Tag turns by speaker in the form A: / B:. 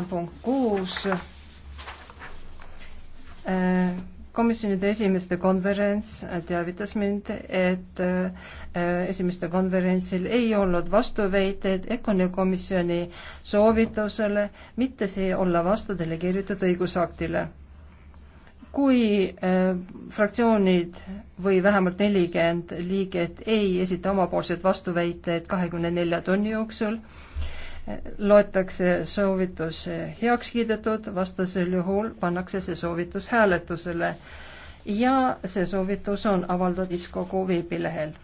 A: punkt kuus. Äh, komisjonide esimeste konverents teavitas mind, et äh, esimeste konverentsil ei olnud vastuväiteid EKONi komisjoni soovitusele mitte see olla vastu delegeeritud õigusaktile kui äh, fraktsioonid või vähemalt nelikümmend liiget ei esita omapoolseid vastuväiteid kahekümne nelja tunni jooksul äh,, loetakse soovitus heaks kiidetud, vastasel juhul pannakse see soovitus hääletusele ja see soovitus on avaldatud diskogu veebilehel